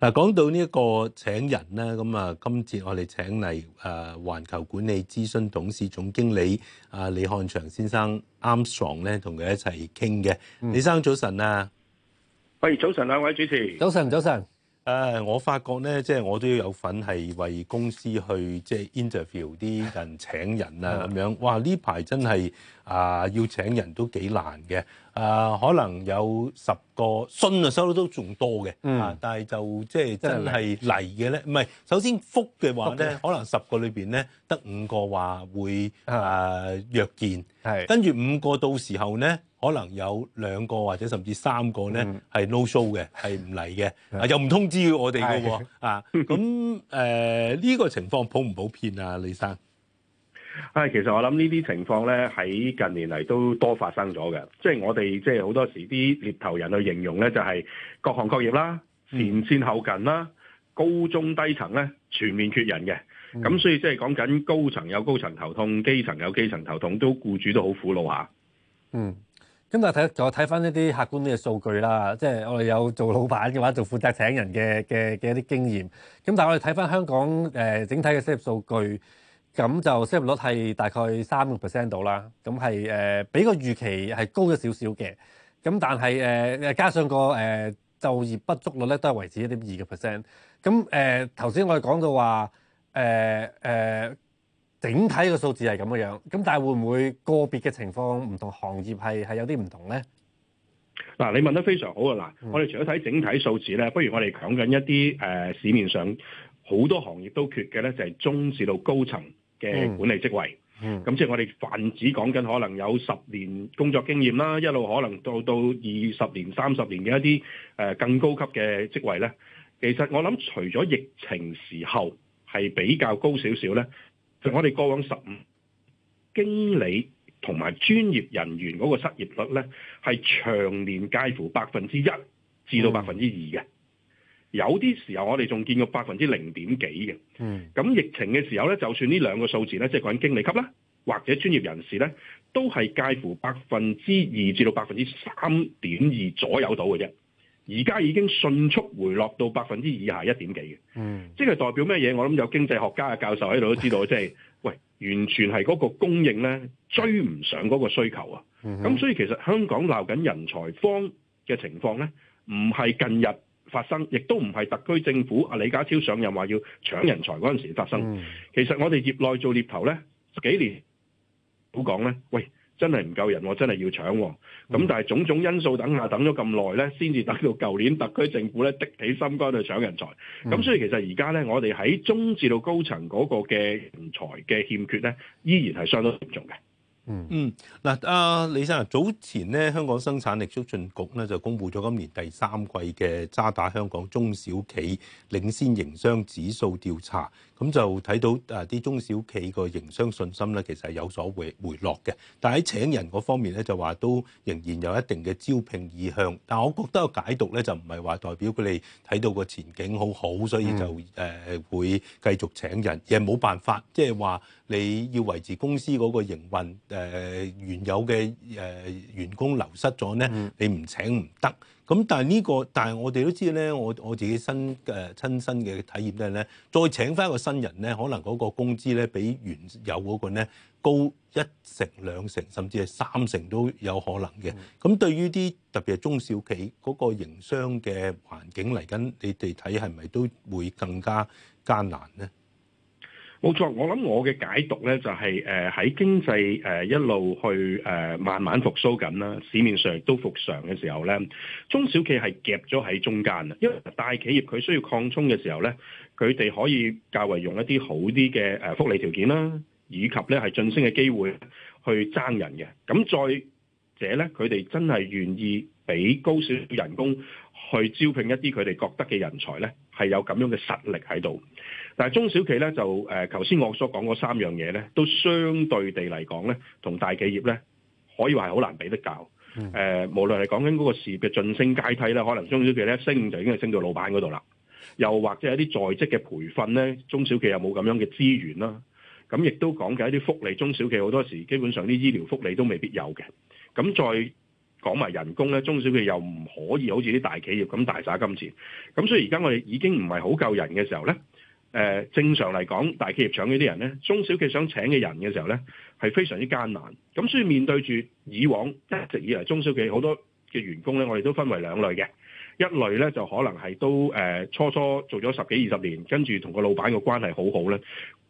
嗱，講到呢一個請人咧，咁啊，今次我哋請嚟誒，環球管理諮詢董事總經理啊李漢祥先生啱爽咧，同佢一齊傾嘅。李生早晨啊，喂，早晨，兩位主持，早晨，早晨。呃、我發覺咧，即係我都要有份係為公司去即係 interview 啲人請人啊咁樣。哇！呢排真係啊、呃，要請人都幾難嘅。啊、呃，可能有十個信啊收到都仲多嘅。嗯、啊，但係就即係真係嚟嘅咧，唔係，首先覆嘅話咧，Okay. 可能十個裏面咧得五個話會啊約、呃、見。跟住是五個到時候咧。可能有兩個或者甚至三個咧係 no show 嘅，係唔嚟嘅，啊 又唔通知我哋㗎喎， 啊咁誒呢個情況普唔普遍啊？李生，其實我諗呢啲情況咧喺近年嚟都多發生咗嘅，即係我哋即係好多時啲獵頭人去形容咧，就係各行各業啦，前線後近啦，高中低層咧全面缺人嘅，咁，嗯，所以即係講緊高層有高層頭痛，基層有基層頭痛，都僱主都好苦惱下。嗯。咁但睇，我睇翻一啲客觀啲嘅數據啦，即係我哋有做老闆嘅話，就負責請人嘅嘅嘅一啲經驗。咁但係我哋睇翻香港誒、呃、整體嘅失業數據，咁就失業率係大概三個 percent 度啦。咁係誒，比個預期係高咗少少嘅。咁但係誒誒，加上、個誒、呃、就業不足率咧，都係維持一點二嘅 percent。咁誒頭先我哋講到話誒誒。呃呃整體個數字係咁嘅樣，咁但係會唔會個別嘅情況唔同行業係係有啲唔同咧？嗱，你問得非常好啊！嗱、嗯，我哋除咗睇整體數字咧，不如我哋講緊一啲誒市面上好多行業都缺嘅咧，就係中至到高層嘅管理職位。咁、嗯嗯、即係我哋泛指講緊可能有十年工作經驗啦，一路可能到到二十年、三十年嘅一啲誒更高級嘅職位咧。其實我諗除咗疫情時候係比較高少少咧。就我哋過往十五經理同埋專業人員嗰個失業率咧，係長年介乎百分之一至到百分之二嘅，有啲時候我哋仲見過百分之零點幾嘅。嗯，咁疫情嘅時候咧，就算呢兩個數字咧，即係講緊經理級啦，或者專業人士咧，都係介乎百分之二至到百分之三點二左右到嘅啫。而家已經迅速回落到百分之以下一點幾嘅，嗯，即係代表咩嘢？我諗有經濟學家嘅教授喺度都知道，即係、 就是、喂，完全係嗰個供應呢追唔上嗰個需求啊！咁 所以其實香港鬧緊人才荒嘅情況呢，唔係近日發生，亦都唔係特區政府啊李家超上任話要搶人才嗰陣時發生。 其實我哋業內做獵頭呢，十幾年，好講呢。喂！真係唔夠人，我真係要搶、啊。咁但係種種因素等下等咗咁耐呢，先至等到舊年特區政府呢，滴起心肝去搶人才。咁、嗯、所以其實而家呢，我哋喺中至到高層嗰個嘅人才嘅欠缺呢，依然係相當嚴重嘅。嗯嗯，嗱、呃，阿李生早前呢，香港生產力促進局呢，就公布咗今年第三季嘅渣打香港中小企領先營商指數調查。咁就睇到啲中小企個營商信心咧，其實係有所回回落嘅。但喺請人嗰方面咧，就話都仍然有一定嘅招聘意向。但係我覺得個解讀咧，就唔係話代表佢哋睇到個前景好好，所以就誒、嗯、會繼續請人。亦冇辦法，即係話你要維持公司嗰個營運，誒原有嘅誒員工流失咗咧，你唔請唔得。咁但係呢、個，但係我哋都知咧，我我自己新嘅親身嘅、呃、體驗咧，咧再請翻一個新人咧，可能嗰個工資咧比原有嗰個咧高一成兩成，甚至係三成都有可能嘅。咁、嗯、對於啲特別係中小企嗰、個營商嘅環境嚟緊，你哋睇係咪都會更加艱難咧？冇錯，我諗我嘅解讀咧就係誒喺經濟誒一路去誒慢慢復甦緊啦，市面上都復常嘅時候咧，中小企係夾咗喺中間啊！因為大企業佢需要擴充嘅時候咧，佢哋可以較為用一啲好啲嘅誒福利條件啦，以及咧係晉升嘅機會去爭人嘅。咁再者咧，佢哋真係願意俾高少少人工去招聘一啲佢哋覺得嘅人才咧，係有咁樣嘅實力喺度。但係中小企咧就誒，頭、呃、先我所講嗰三樣嘢咧，都相對地嚟講咧，同大企業咧可以話係好難比得較。誒、嗯呃，無論係講緊嗰個事業嘅晉升階梯咧，可能中小企咧升就已經係升到老闆嗰度啦。又或者係一啲在職嘅培訓咧，中小企又冇咁樣嘅資源啦。咁亦都講緊一啲福利，中小企好多時基本上啲醫療福利都未必有嘅。咁再講埋人工咧，中小企又唔可以好似啲大企業咁大灑金錢。咁所以而家我哋已經唔係好夠人嘅時候咧。誒、呃、正常嚟講，大企業搶呢啲人咧，中小企想請嘅人嘅時候咧，係非常之艱難。咁所以面對住以往一直以來中小企好多嘅員工咧，我哋都分為兩類嘅一類咧，就可能係都誒、呃、初初做咗十幾二十年，跟住同個老闆個關係好好咧，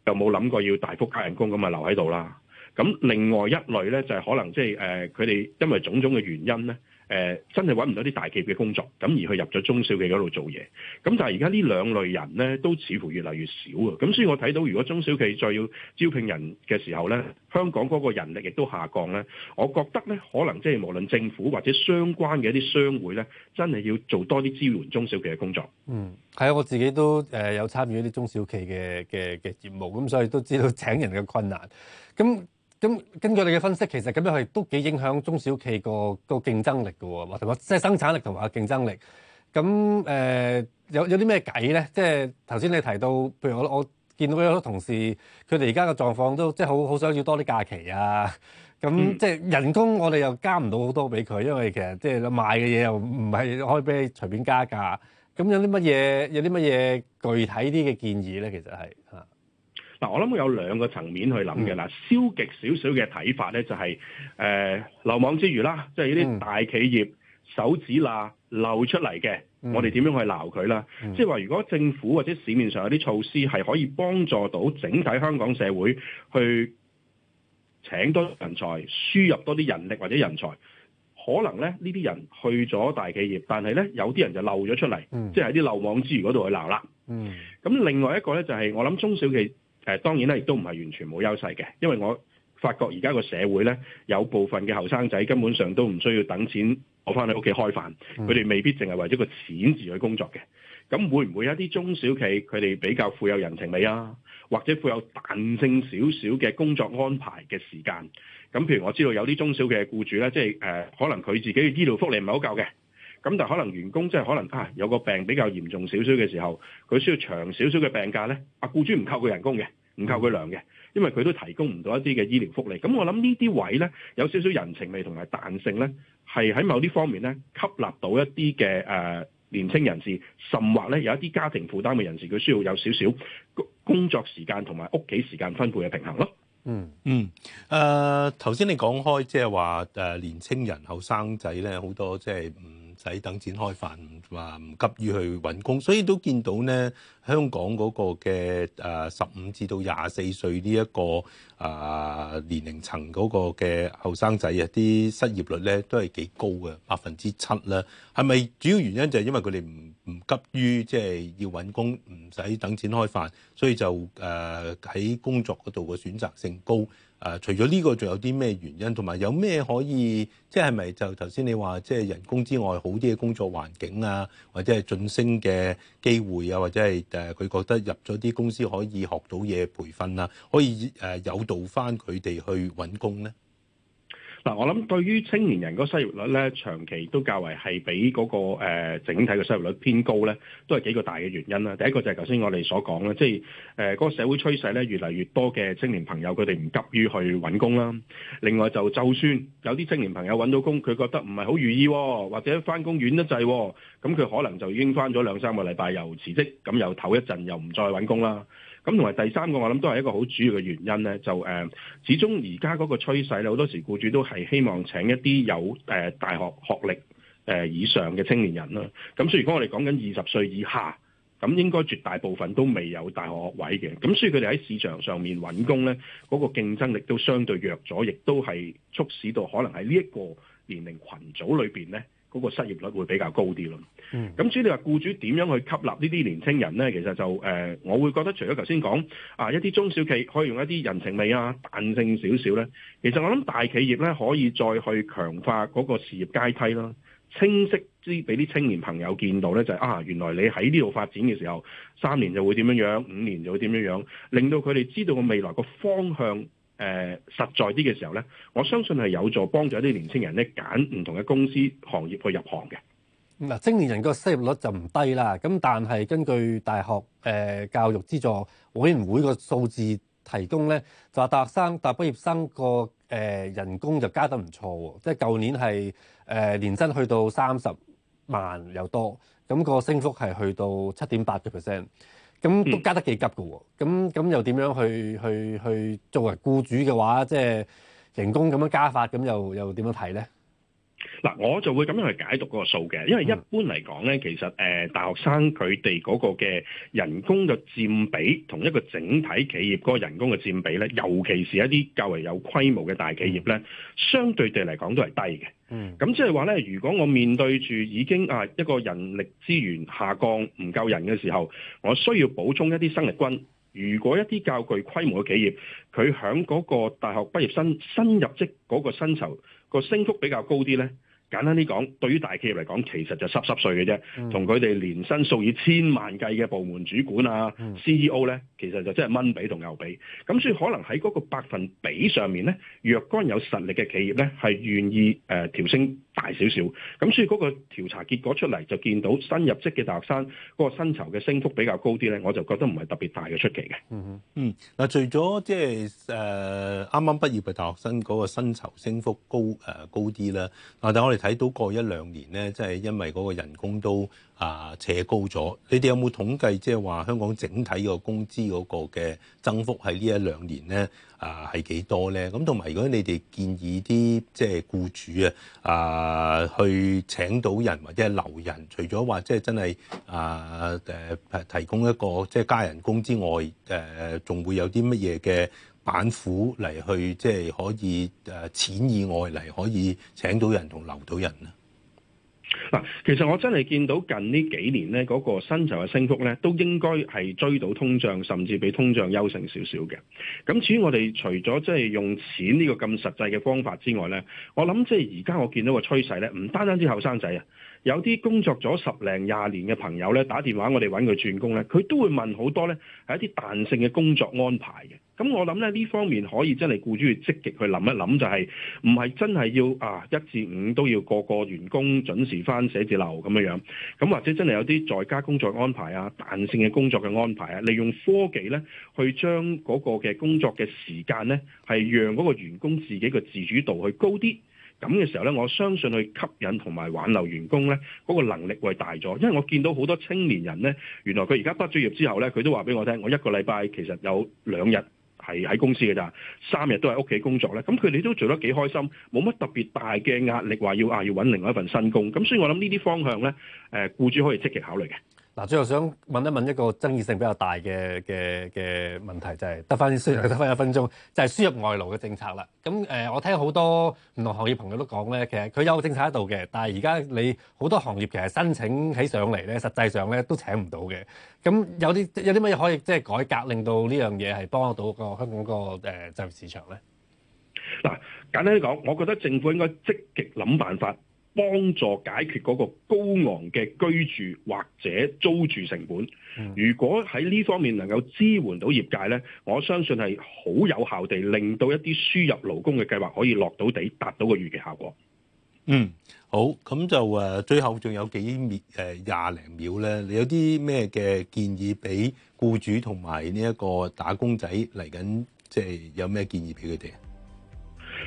就冇諗過要大幅加人工咁啊，留喺度啦。咁另外一類咧，就係、是、可能即係誒佢哋因為種種嘅原因咧。誒真係揾唔到啲大企業嘅工作，咁而去入咗中小企嗰度做嘢。咁但係而家呢兩類人咧，都似乎越嚟越少啊。咁所以我睇到，如果中小企再要招聘人嘅時候咧，香港嗰個人力亦都下降咧，我覺得咧，可能即係無論政府或者相關嘅一啲商會咧，真係要做多啲支援中小企嘅工作。嗯，係啊，我自己都誒有參與一啲中小企嘅嘅嘅業務，咁所以都知道請人嘅困難。咁咁根據你嘅分析，其實咁樣係都幾影響中小企個個競爭力嘅喎，同埋即係生產力同埋競爭力。咁誒有有啲咩計咧？即係頭先你提到，譬如我我見到有好多同事，佢哋而家嘅狀況都即係好好想要多啲假期啊。咁即係人工我哋又加唔到好多俾佢，因為其實即係賣嘅嘢又唔係可以俾你隨便加價。咁有啲乜嘢？有啲乜嘢具體啲嘅建議咧？其實係嚇。嗱，我諗會有兩個層面去諗嘅啦。消極少少嘅睇法咧、就係呃，就係誒漏網之魚啦，即係呢啲大企業、嗯、手指罅漏出嚟嘅，嗯、我哋點樣去鬧佢啦？嗯、即係話，如果政府或者市面上有啲措施係可以幫助到整體香港社會去請多人才、輸入多啲人力或者人才，可能咧呢啲人去咗大企業，但係咧有啲人就漏咗出嚟，即係喺啲漏網之魚嗰度去鬧啦。嗯。咁、嗯、另外一個咧就係、是、我諗中小企。誒、呃、當然咧，亦都唔係完全冇優勢嘅，因為我發覺而家個社會咧有部分嘅後生仔根本上都唔需要等錢我翻去屋企開飯，佢哋、嗯、未必淨係為咗個錢字去工作嘅。咁會唔會一啲中小企佢哋比較富有人情味啊？或者富有彈性少少嘅工作安排嘅時間？咁譬如我知道有啲中小嘅僱主咧，即係誒、呃、可能佢自己嘅醫療福利唔係好夠嘅。咁就可能員工即係可能啊，有個病比較嚴重少少嘅時候，佢需要長少少嘅病假呢啊，僱主唔扣佢人工嘅，唔扣佢糧嘅，因為佢都提供唔到一啲嘅醫療福利。咁我諗呢啲位呢，有少少人情味同埋彈性呢，係喺某啲方面呢，吸納到一啲嘅誒年青人士，甚或呢有一啲家庭負擔嘅人士，佢需要有少少工作時間同埋屋企時間分配嘅平衡咯。嗯嗯，誒頭先你講開即係話誒年青人後生仔呢，好多即係、就是使等錢開飯，話唔急於去揾工，所以都見到咧香港嗰個嘅誒十五至到廿四歲呢一個誒年齡層嗰個嘅後生仔啊，啲失業率咧都係幾高嘅，百分之七啦。係咪主要原因就係因為佢哋唔唔急於即係要揾工，唔使等錢開飯，所以就誒喺工作嗰度嘅選擇性高？誒，除咗呢個，仲有啲咩原因？同埋有咩可以，即係咪就頭、是、先你話，即、就、係、是、人工之外，好啲嘅工作環境啊，或者係晉升嘅機會啊，或者係誒佢覺得入咗啲公司可以學到嘢培訓啊，可以誒誘導返佢哋去搵工咧？嗱，但我諗對於青年人嗰個失業率咧，長期都較為係比嗰、那個、呃、整體嘅失業率偏高咧，都係幾個大嘅原因啦。第一個就係頭先我哋所講啦，即係誒嗰個社會趨勢咧，越嚟越多嘅青年朋友佢哋唔急於去揾工啦。另外就就算有啲青年朋友揾到工，佢覺得唔係好如意喎、哦，或者翻工遠得滯喎，咁佢可能就已經翻咗兩三個禮拜又辭職，咁又唞一陣又唔再揾工啦。咁同埋第三個，我諗都係一個好主要嘅原因咧，就誒，始終而家嗰個趨勢咧，好多時僱主都係希望請一啲有大學學歷誒以上嘅青年人啦。咁所以如果我哋講緊二十歲以下，咁應該絕大部分都未有大學學位嘅，咁所以佢哋喺市場上面揾工咧，嗰個競爭力都相對弱咗，亦都係促使到可能喺呢一個年齡群組裏面咧。嗰個失業率會比較高啲咯。咁至於你話僱主點樣去吸納呢啲年青人呢？其實就誒、呃，我會覺得除咗頭先講啊，一啲中小企可以用一啲人情味啊，彈性少少呢。其實我諗大企業呢，可以再去強化嗰個事業階梯啦，清晰啲俾啲青年朋友見到呢。就係、啊，原來你喺呢度發展嘅時候，三年就會點樣樣，五年就會點樣樣，令到佢哋知道個未來個方向。誒、呃、實在啲嘅時候咧，我相信係有助幫助啲年青人咧揀唔同嘅公司行業去入行嘅。嗱，年青人個失業率就唔低啦。咁但係根據大學誒、呃、教育資助委員會個數字提供咧，就話大學生、大畢業生個誒、呃、人工就加得唔錯喎。即係舊年係誒、呃、年薪去到三十萬又多，咁、那個升幅係去到七點八嘅 percent。咁都加得幾急嘅喎，咁咁又點樣去去去作為僱主嘅話，即係人工咁樣加法，咁又又點樣睇咧？嗱，我就會咁樣去解讀嗰個數嘅，因為一般嚟講咧，其實誒、呃、大學生佢哋嗰個嘅人工嘅佔比，同一個整體企業嗰個人工嘅佔比咧，尤其是一啲較為有規模嘅大企業咧，相對地嚟講都係低嘅。嗯，咁即係話咧，如果我面對住已經啊一個人力資源下降唔夠人嘅時候，我需要補充一啲生力軍。如果一啲較具規模嘅企業，佢響嗰個大學畢業生新，新入職嗰個薪酬、嗰個升幅比較高啲咧？簡單啲講，對於大企業嚟講，其實就濕濕碎嘅啫，同佢哋年薪數以千萬計嘅部門主管啊、嗯、CEO 咧，其實就真係蚊比同牛比。咁所以可能喺嗰個百分比上面咧，若干有實力嘅企業咧，係願意、呃、調升大少少。咁所以嗰個調查結果出嚟就見到新入職嘅大學生嗰個薪酬嘅升幅比較高啲咧，我就覺得唔係特別大嘅出奇嘅。嗯嗯。嗱、就是，除咗即係誒啱啱畢業嘅大學生嗰個薪酬升幅高、呃、高啲啦，啊，但我哋。睇到過一兩年咧，即係因為嗰個人工都啊扯高咗。你哋有冇統計，即係話香港整體個工資嗰個嘅增幅喺呢一兩年咧啊係幾多咧？咁同埋，如果你哋建議啲即係僱主啊啊去請到人或者係留人，除咗話即係真係啊誒提供一個即係加人工之外，誒仲會有啲乜嘢嘅？板斧嚟去即係、就是、可以誒錢以外嚟可以請到人同留到人啦。嗱，其實我真係見到近呢幾年咧，嗰、那個薪酬嘅升幅咧，都應該係追到通脹，甚至比通脹優勝少少嘅。咁至於我哋除咗即係用錢呢個咁實際嘅方法之外咧，我諗即係而家我見到個趨勢咧，唔單單啲後生仔啊。有啲工作咗十零廿年嘅朋友咧，打電話我哋揾佢轉工咧，佢都會問好多咧，係一啲彈性嘅工作安排嘅。咁我諗咧呢方面可以真係僱主要積極去諗一諗、就係，就係唔係真係要啊一至五都要個個員工準時返寫字樓咁樣樣，咁或者真係有啲在家工作安排啊，彈性嘅工作嘅安排啊，利用科技咧去將嗰個嘅工作嘅時間咧係讓嗰個員工自己嘅自主度去高啲。咁嘅時候咧，我相信去吸引同埋挽留員工咧，嗰個能力會大咗，因為我見到好多青年人咧，原來佢而家畢咗業之後咧，佢都話俾我聽，我一個禮拜其實有兩日係喺公司嘅咋，三日都喺屋企工作咧，咁佢哋都做得幾開心，冇乜特別大嘅壓力話要啊要揾另外一份新工，咁所以我諗呢啲方向咧，誒僱主可以積極考慮嘅。嗱，最後想問一問一個爭議性比較大嘅嘅嘅問題，就係得翻先，得翻一分鐘，就係、是、輸入外勞嘅政策啦。咁誒、呃，我聽好多唔同行業朋友都講咧，其實佢有政策喺度嘅，但係而家你好多行業其實申請起上嚟咧，實際上咧都請唔到嘅。咁有啲有啲乜嘢可以即係改革，令到呢樣嘢係幫得到個香港、個誒就業市場咧？嗱，簡單講，我覺得政府應該積極諗辦法。幫助解決嗰個高昂嘅居住或者租住成本。如果喺呢方面能夠支援到業界呢，我相信係好有效地令到一啲輸入勞工嘅計劃可以落到地，達到個預期效果。嗯，好。咁就誒，最後仲有幾秒誒，廿零秒呢？你有啲咩嘅建議俾僱主同埋呢一個打工仔嚟緊，即係有咩建議俾佢哋？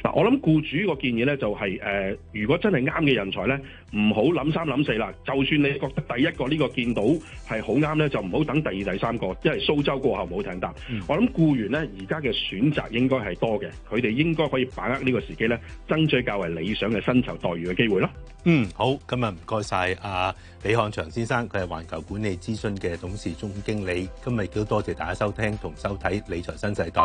嗱，我諗僱主個建議咧，就是，就係誒，如果真係啱嘅人才咧，唔好諗三諗四啦。就算你覺得第一個呢個見到係好啱咧，就唔好等第二、第三個，因為蘇州過後冇艇搭。嗯、我諗僱員咧，而家嘅選擇應該係多嘅，佢哋應該可以把握呢個時機咧，爭取較為理想嘅薪酬待遇嘅機會咯。嗯，好，今日唔該晒阿李漢祥先生，佢係環球管理諮詢嘅董事總經理。今日亦都多謝大家收聽同收睇《理財新世代》。